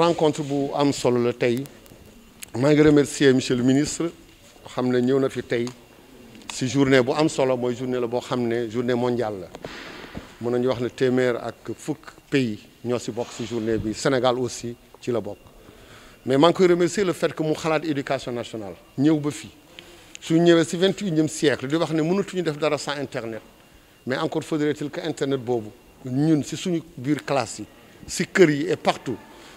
rencontre bu am solo la tay maa ngi remercier monsieur le ministre xam ne na fi tay ci journée bu am solo moy journée la bo xam journée mondiale la mën nañu wax ne téeméer ak fuk pays ñoo si bokk si journée bi Sénégal aussi ci la bok mais maa ngi remercier le fait que mu xalat éducation nationale ñëw ba fi su ñëwee ci 21e siècle di wax ne mënatuñu def dara sans internet mais encore faudrait-il que internet bobu ñun ci suñu biir classe ci kër yi et partout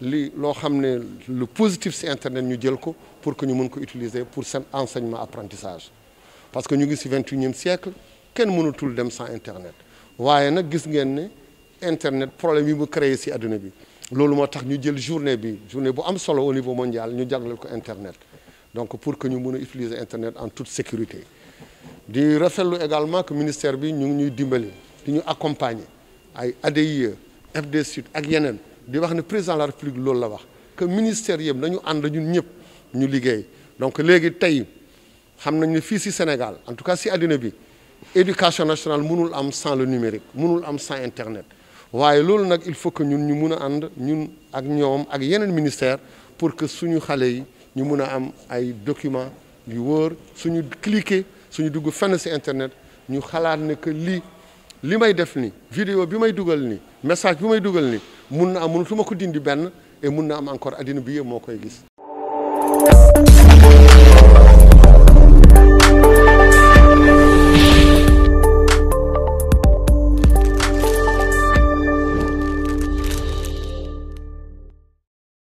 Le positif de internet ñu pour que ñu utiliser pour l'enseignement enseignement apprentissage parce que nous ngi au siècle sans internet waaye gis internet créé avons journée au niveau mondial internet donc pour que ñu utiliser internet en toute sécurité Je rappelle également que ministère nous ñu ngi Sud di wax ne président de la république loolu la wax que ministère yëpp nañu ànd ñun ñëpp ñu liggéey donc léegi tey xam nañ ne fii ci Sénégal en tout cas ci àddina bi éducation nationale mënul am sans le numérique mënul am sans internet waaye loolu nag il faut que ñun ñu mun a ànd ñun ak ñoom ak yeneen ministère pour que suñu xale yi ñu mun a am ay documents yu wóor suñu cliquer suñu dugg fenn internet ñu xalaat ne que lii li may def ni vidéo bi may dugal ni message bu may dugal ni mun na am mënutuma ko dindi benn et mun na am encore addina bi yëpp moo koy gis.